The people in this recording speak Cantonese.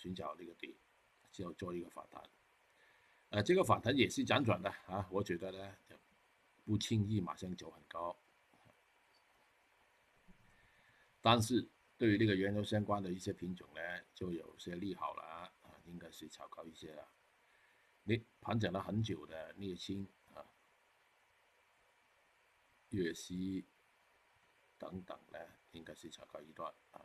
尋找呢個點，之後做一個反彈。誒、呃，這個反彈也是輾轉的啊，我覺得咧，就不輕易馬上走很高。但是對於這個原油相關的一些品種呢，就有些利好了啊，應該是炒高一些啦。你盤整了很久的瀝青啊、月息等等呢，應該是炒高一段啊。